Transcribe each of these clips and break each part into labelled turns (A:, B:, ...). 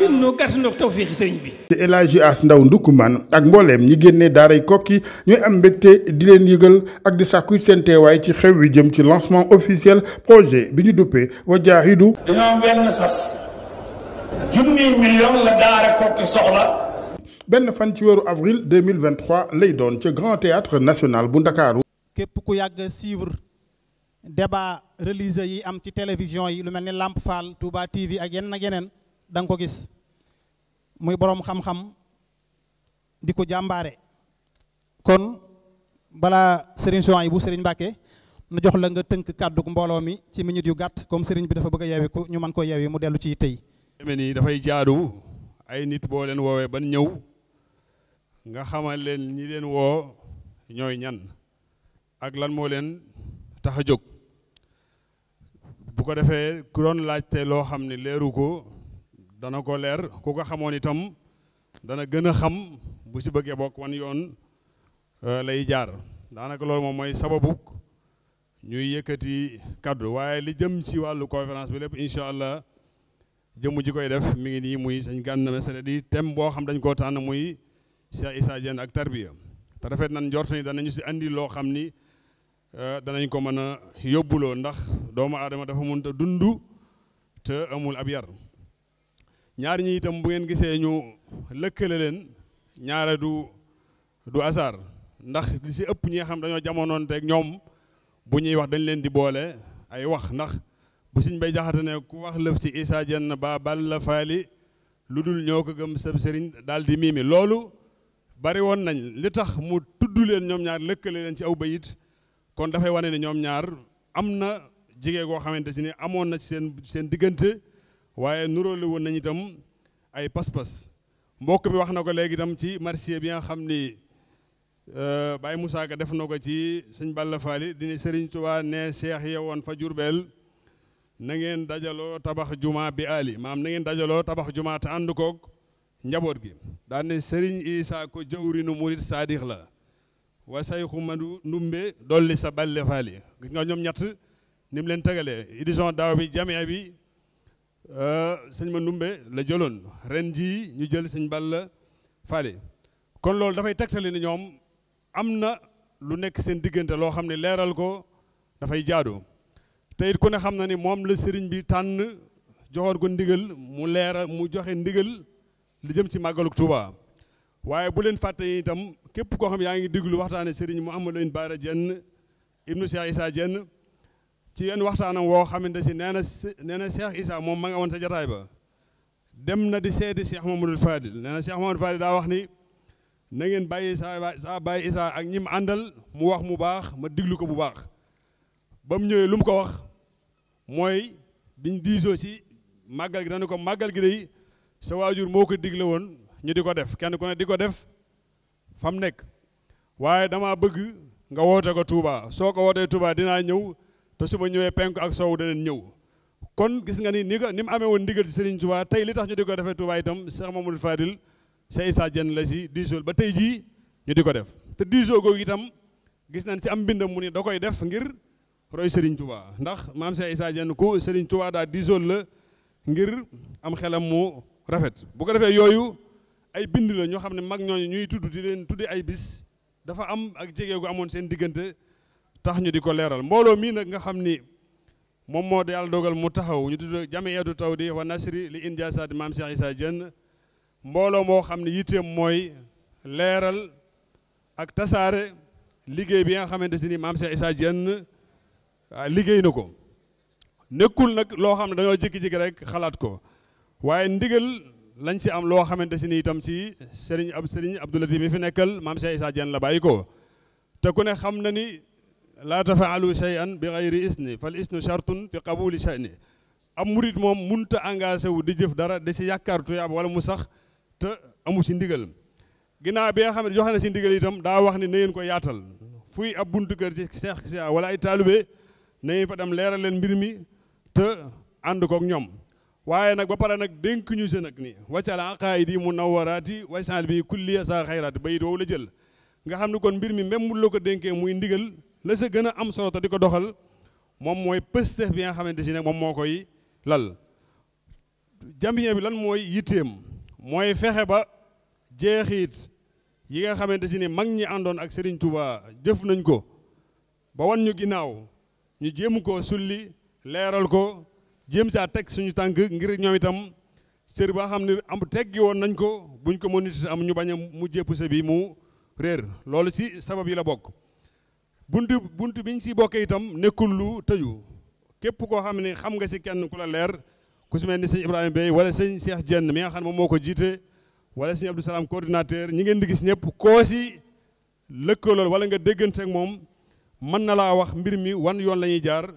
A: gën noo gàtt noo tawféexi sëriñ As Ndaw Ndoukoumane ak mbooleem ñi génnee daaray Koki ñooy am mbégte di leen yëgal ak di sàkku seen teewaay ci xew wi jëm ci lancement officiel projet bi ñu duppee Wajaahidu dañoo am benn sas fan ci weeru avril 2023 lay doon ci Grand Théâtre National bu Ndakaaru
B: képp ku yàgg suivre
A: débat religieux
B: yi am ci télévision yi lu mel ni Lamp Fall Touba TV ak yenn ak geneen danga ko gis muy boroom xam-xam di ko jàmbaare kon balaa Serigne Souhaïbou yi bu sëriñ Mbacke na jox la nga tënk kàddu mbooloo mi ci minute yu gàtt comme Serigne bi dafa bëgg a ñu mën ko yeewi mu dellu ci tey.
A: deme dafay jaadu ay nit boo leen woowee ban ñëw nga xamal leen ñi leen woo ñooy ñan ak lan moo leen tax a jóg bu ko defee ku doon laajte loo xam ne leeru ko. dana ko leer ku ko xamoon itam dana gën a xam bu si bëggee bokk wan yoon euh, lay jaar daanaka loolu moom mooy sababu ñuy yëkkati kaddu waaye li jëm si wàllu conférence bi lépp incha allah jëmm ji koy def mi ngi nii muy sëñ Gana Mesere di tem boo xam dañ koo tànn muy Cheikh Issa Diène ak tarbiya te rafet nan njort ni danañu si andi loo xam ni euh, danañ ko mën a yóbbuloo ndax doomu aadama dafa mënut a dund te amul ab yar ñaar ñi itam bu ngeen gisee ñu lëkkale leen ñaare du du asar ndax li si ëpp ñi nga xam dañoo jamonoonteeg ñoom bu ñuy wax dañu leen di boole ay wax ndax bu siñ bay jaxate ku wax lëf si Issa Diène ba bal la faali lu dul ñoo ko gëm sab sëriñ daal di miimi loolu bari woon nañ li tax mu tudd leen ñoom ñaar lëkkale leen ci aw bayit kon dafay wane ne ñoom ñaar am na jigee goo xamante si ni amoon na seen seen diggante waaye nuróole woon nañu itam ay pas-pas mbokk bi wax na ko léegi itam ci marché bi nga xam ni euh, bay Moussa Ka def na ko ci sëñ Balla Faali dina Sëriñ Tuubaa ne seex ya woon fa Jurbel na ngeen dajaloo tabax jumaa bi ali maam na ngeen dajaloo tabax juma te ànd koog njaboot gi daan ne Sëriñ Isaa ko nu murit saadix la wa sayxu madu ndumbe dolli sa balle faali gis nga ñoom ñett ni leen tegalee édition daaw bi jamee bi Euh, sëñ ndumbe la jëloon ren jii ñu jël sëñ la fale kon loolu dafay tegtali ni ñoom am na lu nekk seen diggante loo xam ne leeral ko dafay jaadoo te it ku ne xam na ni moom la sëriñ bi tànn joxoon ko ndigal mu leeral mu joxe ndigal li jëm ci màggaluk Touba waaye bu leen fàtte itam képp koo xam yaa ngi diglu waxtaane mu Mouhamadou Lamine Bara jenn ibnu Cheikh Issa Diène ci yenn waxtaanam woo xamante si nee na nee na Cheikh Issa moom ma nga woon sa jataay ba dem na di seeti Cheikh Mamadou Fadil nee na Cheikh Mamadou Fadil daa wax ni na ngeen bàyyi saa saa bàyyi Issa ak ñim àndal mu wax mu baax ma diglu ko bu baax ba mu ñëwee lu mu ko wax mooy biñ diisoo si màggal gi dañu ko màggal gi day sa waajur moo ko digle woon ñu di ko def kenn ku ne di ko def fam nekk waaye dama bëgg nga woote ko Touba soo ko wootee Touba dinaa ñëw te su ma ñëwee penk ak soow daneen ñëw kon gis nga ni ni ko ni mu amee woon ndigal ci Serigne Touba tey li tax ñu di ko defee Touba itam Cheikh Mamadou Fadil Cheikh Issa Diène la si diisoo ba tey jii ñu di ko def te diisoo googu itam gis nañ ci am mbindam mu ni da koy def ngir roy Serigne Touba ndax maam Cheikh Issa Diène ku Serigne Touba daa diisoo la ngir am xelam mu rafet bu ko defee yooyu ay bind la ñoo xam ne mag ñooñu ñuy tudd di leen tuddi ay bis dafa am ak jege gu amoon seen diggante tax ñu di ko leeral mbooloo mii nag nga xam ni moom moo yàlla dogal mu taxaw ñu tudd taw di wa nasri li indiasad maam Cheikh Issa Diène mbooloo moo xam ne yitteem mooy leeral ak tasaare liggéey bi nga xamante si ni maam Cheikh Issa ah, liggéey na ko nekkul nag loo xam ne dañoo jékki-jékki rek xalaat ko waaye ndigal lañ si am loo xamante si ni itam si Serigne ab Serigne Abdou Latif mi fi nekkal maam Cheikh Issa la bàyyi ko te ku ne xam na laa tafaalu shay'an bi gayri isni fal isnu shartun fi qabuli sha'ni am murit moom munta engagé wu di jëf dara da si yaakaar tuyaab wala mu sax te amu si ndigal ginnaaw bi nga xam ne joxe na si ndigal itam daa wax ni na ngeen ko yaatal fuy ab buntu kër ci seex si wala ay taalibe na ngeen fa dem leeral leen mbir mi te ànd kook ñoom waaye nag ba pare nag dénk ñu si nag ni waccal aqaayidi mu nawaraati wacal bi kulliya sa xayraati bayit woowu la jël nga xam ne kon mbir mi même mu la ko dénkee muy ndigal la sa gën a am solo te di ko doxal moom mooy pëstef bi nga xamante si ne moom moo koy lal jambien bi lan mooy yitteem mooy fexe ba jeexit yi nga xamante si ne mag ñi àndoon ak Serigne Touba jëf nañ ko ba wan ñu ginnaaw ñu jéem koo sulli leeral ko jéem saa teg suñu tànk ngir ñoom itam sër ba xam ne am teggi woon nañ ko buñ ko mënut am ñu bañ a mu jépp sa bi mu réer loolu si sabab yi la bokk bunt bunt bi ñu si bokkee itam nekkul lu tëju képp koo xam ne xam nga si kenn ku la leer ku si mel ni sëñ Ibrahima Bey wala sëñ Cheikh Dieng mi nga xam ne moom moo ko jiite wala sëñ Abdou Salaam coordinateur ñi ngeen di gis ñëpp koo si lëkkalool wala nga déggante ak moom mën na laa wax mbir mi wan yoon la ñuy jaar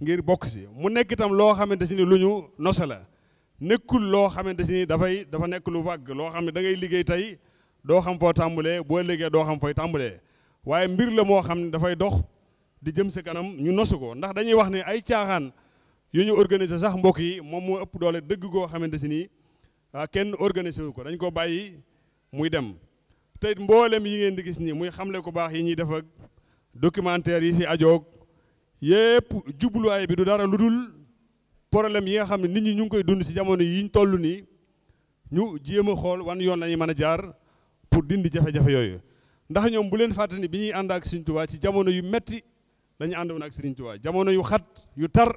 A: ngir bokk si mu nekk itam loo xamante si ni lu ñu nosa la nekkul loo xamante si ni dafay dafa nekk lu vague loo xam ne dangay ngay liggéey tey doo xam foo tàmbalee boo doo xam tàmbalee waaye mbir la moo xam ne dafay dox di jëm si kanam ñu nosu ko ndax dañuy wax ni ay caaxaan yu ñu organiser sax mbokk yi moom moo ëpp doole dëgg koo xamante si nii ah, kenn organiser wu ko dañ ko bàyyi muy dem te mboolem yi ngeen di gis nii muy xamle ku baax yi ñuy def ak documentaire yi si ajoog yépp jubluwaay bi du dara lu dul problème yi nga xam ne nit ñi ñu ngi koy dund si jamono yi ñu toll nii ñu jéem a xool wan yoon lañuy mën a jaar pour dindi jafe-jafe yooyu. ndax ñoom bu leen fàtte bi ñuy ànd ak Serigne Touba ci jamono yu metti lañu àndoon ak Serigne Touba jamono yu xat yu tar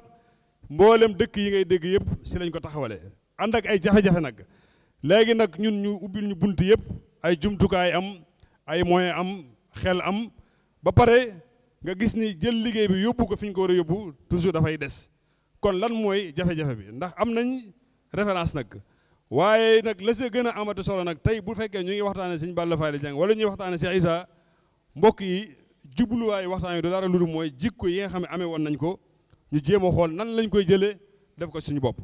A: mboolem dëkk yi ngay dégg yëpp si lañ ko taxawale ànd ak ay jafe-jafe nag léegi nag ñun ñu ubbil ñu bunt yëpp ay jumtukaay am ay moyen am xel am ba pare nga gis ni jël liggéey bi yóbbu ko fi ñu ko war a yóbbu toujours dafay des kon lan mooy jafe-jafe bi ndax am nañ référence nag waaye nag la see gën a amati solo nag tey bu fekkee ñu ngi waxtaanee sëñ Balla Fally Dieng wala ñuy waxtaanee Cheikh Issa mbokk yi jubluwaayu waxtaan wi du dara lu dul mooy jikko yi nga xam ne amee woon nañ ko ñu jéem a xool nan lañ koy jëlee def ko suñu bopp.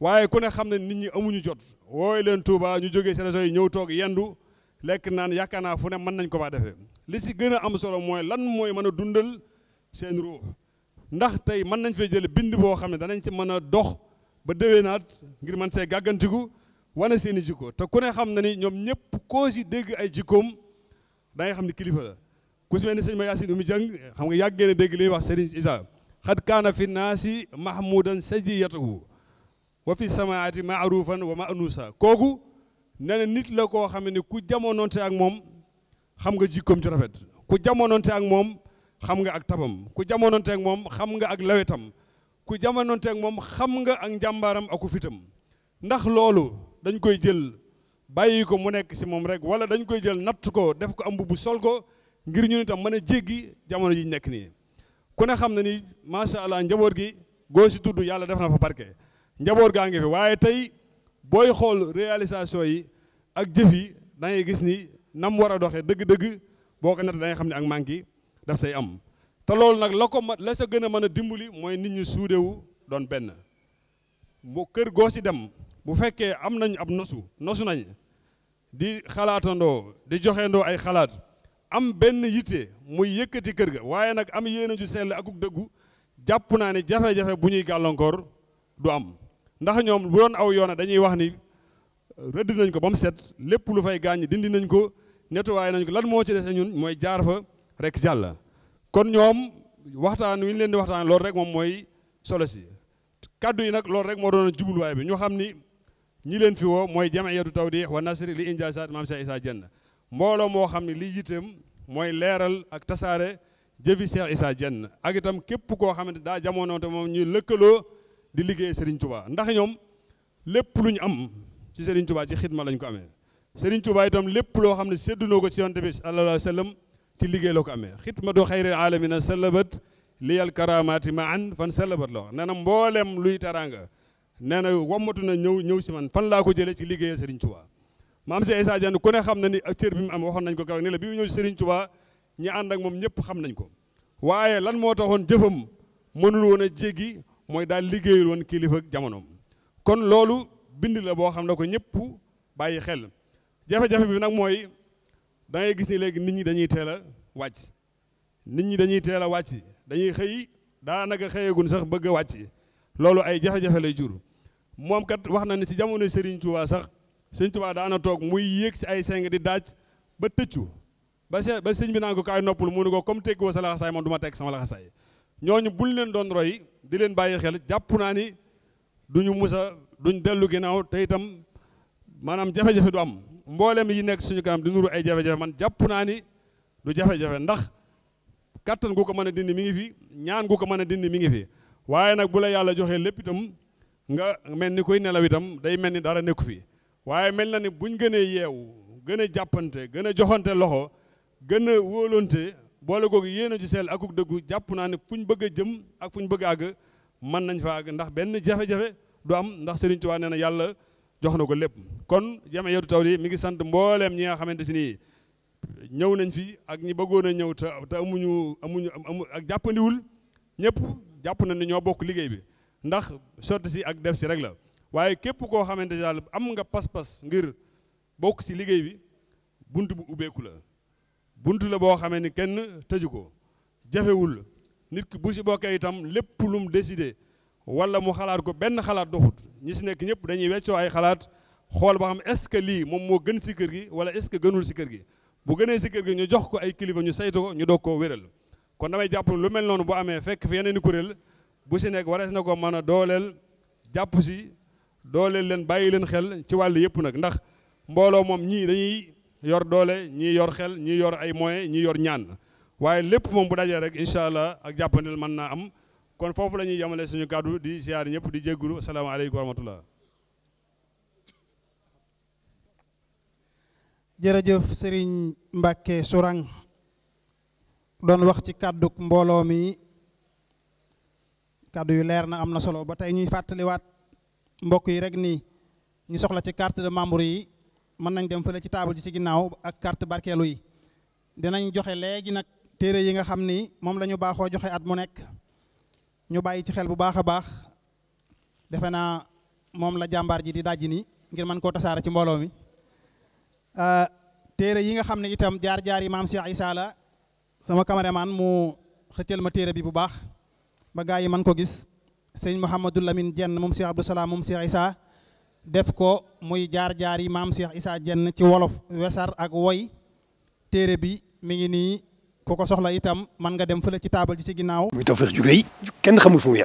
A: waaye ku ne xam ne nit ñi amuñu jot wooy leen Touba ñu jógee seen réseau yi ñëw toog yendu lekk naan yaakaar naa fu ne mën nañ ko faa defee li si gën a am solo mooy lan mooy mën a dundal seen ruux ndax tey mën nañ fee jëlee bind boo xam ne danañ si mën a dox ba déwénaat ngir mën see gàggantiku wane seen i jikko te ku ne xam na ni ñoom ñëpp koo ci dégg ay jikkoom da nga xam ni kilifa la ku si mel ni sëñ ma yaasin umi xam nga yàggee na dégg li ñuy wax sëriñ isaa xad kaana fi naasi mahmudan sajiyatahu wa fi samaati maarufan wa manuusa kooku nee na nit la koo xam ne ku jamonoonte ak moom xam nga jikkoom ci rafet ku jamonoonte ak moom xam nga ak tabam ku jamonoonte ak moom xam nga ak lawetam ku jamonoonte ak moom xam nga ak njàmbaaram aku fitam ndax loolu dañ koy jël bàyyi ko mu nekk si moom rek wala dañ koy jël natt ko def ko am bu sol ko ngir ñu itam mën a jéggi jamono ji nekk nii. ku ne xam na ni macha allah njaboot gi goo si tudd yàlla def na fa barke njaboot gaa ngi fi waaye tey booy xool réalisation yi ak jëf yi da ngay gis ni nam war a doxee dëgg-dëgg boo ko natt da xam ne ak manqué daf say am. te loolu nag la ko ma la sa gën a mën a dimbali mooy nit ñi suudewu doon benn mu kër goo si dem. bu fekkee am nañ ab nosu nosu nañ di xalaatandoo di joxeendoo ay xalaat am benn yitte muy yëkkati kër ga waaye nag am yéene ju sell akuk dëggu jàpp naa ne jafe-jafe bu ñuy gàllankoor du am ndax ñoom bu doon aw yoona dañuy wax ni rëdd nañ ko ba mu set lépp lu fay gaañ dindi nañ ko nettoyé nañ ko lan moo ci dese ñun mooy jaar fa rek jàll kon ñoom waxtaan wi ñu leen di waxtaan loolu rek moom mooy solo si kàddu yi nag loolu rek moo doon jubluwaay bi ñu xam ni ñi leen fi woo mooy jamiyatu tawdih wa nasri li injaasaat maam Cheikh Issa Dienne mbooloo moo xam ne li yitteem mooy leeral ak tasaare jëfi Cheikh Issa Dienne ak itam képp koo xamante daa jamono te moom ñuy lëkkaloo di liggéey Serigne Touba ndax ñoom lépp lu ñu am ci Serigne Touba ci xidma lañ ko amee Serigne Touba itam lépp loo xam ne séddunoo ko ci yonte bi sallallahu alayhi wa sallam ci liggéey la ko amee xidmatu na alamina salabat liyal karamaati ma fan salabat la na mboolem luy taraanga nee na wammatu na ñëw ñëw si man fan laa ko jëlee ci liggéeyal Serigne Touba maam Cheikh Issa Diène ku kone xam na ni ak cër bi mu am waxoon nañ ko keroog ni la bi mu ñëw si Serigne Touba ñi ànd ak moom ñëpp xam nañ ko waaye lan moo taxoon jëfam mënul woon a jéggi mooy daal liggéeyul woon kilifa ak kon loolu bind la boo xam ne ko ñëpp bàyyi xel jafe-jafe bi nag mooy da ngay gis ni léegi nit ñi dañuy teel a wàcc nit ñi dañuy teel a wàcc dañuy xëy daanaka xëyagun sax bëgg a wàcc loolu ay jafe-jafe lay jur moom kat wax na ne si jamono Serigne Touba sax Serigne Touba daana toog muy yéeg si ay senge di daaj ba tëccu ba se ba sëñ bi naan ko kaay ko comme teggi woo sa laxasaay moom du ma teg sama laxasaay ñooñu leen doon roy di leen bàyyi xel jàpp naa ni duñu musa duñ dellu ginnaaw te itam maanaam jafe-jafe du am yi nekk suñu kanam di nuru ay jafe man jàpp naa ni du jafe ndax kattan gu ko mën a dindi mi ngi fi ñaan gu ko mën a dindi mi ngi fi waaye nag bu la yàlla joxee lépp itam nga mel ni kuy nelaw itam day mel ni dara nekku fi waaye mel na ni buñ gën a yeewu gën a jàppante gën a joxante loxo gën a wóolonte boole googu yéena ci seel akuk dëggu jàpp naa ne fuñ bëgg a jëm ak fuñ bëgg a àgg mën nañ fa àgg ndax benn jafe-jafe du am ndax Serigne Touba nee na yàlla jox na ko lépp kon jame yodu taw di mi ngi sant mbooleem ñi nga xamante si nii ñëw nañ fi ak ñi bëggoon a ñëw te te amuñu amuñu ak jàppandiwul ñëpp jàpp na ne ñoo bokk liggéey bi ndax sotti si ak def si rek la waaye képp koo xamante ne daal am nga pas-pas ngir bokk si liggéey bi bunt bu ubbeeku la bunt la boo xamee ni kenn tëju ko jafewul nit ki bu si bokkee itam lépp lu mu décidé wala mu xalaat ko benn xalaat doxut ñi si nekk ñëpp dañuy weccoo ay xalaat xool ba xam est-ce lii moom moo gën si kër gi wala est-ce que gënul si kër gi bu gënee si kër gi ñu jox ko ay kilifa ñu saytu ko ñu doog koo wéral kon damay jàpp lu mel noonu bu amee fekk yeneen i kuréel bu si nekk warees na ko mën a dooleel jàpp si dooleel leen bàyyi leen xel ci wàll yëpp nag ndax mbooloo moom ñii dañuy yor doole ñii yor xel ñii yor ay moyens ñii yor ñaan waaye lépp moom bu dajee rek incha allah ak jàppandil mën naa am kon foofu la ñuy yemale suñu kàddu di ziar ñëpp di jéggulu asalaamaaleykum wa rahmatullah
B: jërëjëf sëriñ Mbacke Sourang doon wax ci kàdduk mbooloo mi kàddu yu leer na am na solo ba tey ñuy fàttaliwaat mbokk yi rek nii ñu soxla ci carte de membre yi mën nañ dem fële ci table ji ci ginnaaw ak kart barkeelu yi dinañ joxe léegi nag téere yi nga xam ni moom la ñu baaxoo joxe at mu nekk ñu bàyyi ci xel bu baax a baax defe naa moom la jàmbaar ji di dajji ni ngir mën koo tasaara ci mbooloo mi euh, téere yi nga xam ne itam jaar-jaar yi maam Cheikh Issa la sama cameraman mu xëccal ma téere bi bu baax ba gaa yi mën ko gis sëñ Mouhamadou Lamine Dieng moom Cheikh Abdou Salaam moom Cheikh Issa def ko muy jaar-jaar yi maam Cheikh Issa Dieng ci wolof wesar ak woy téere bi mi ngi nii ku ko soxla itam mën nga dem fële ci taabal ji ci ginnaaw. muy tawfeex ju rëy kenn xamul fu mu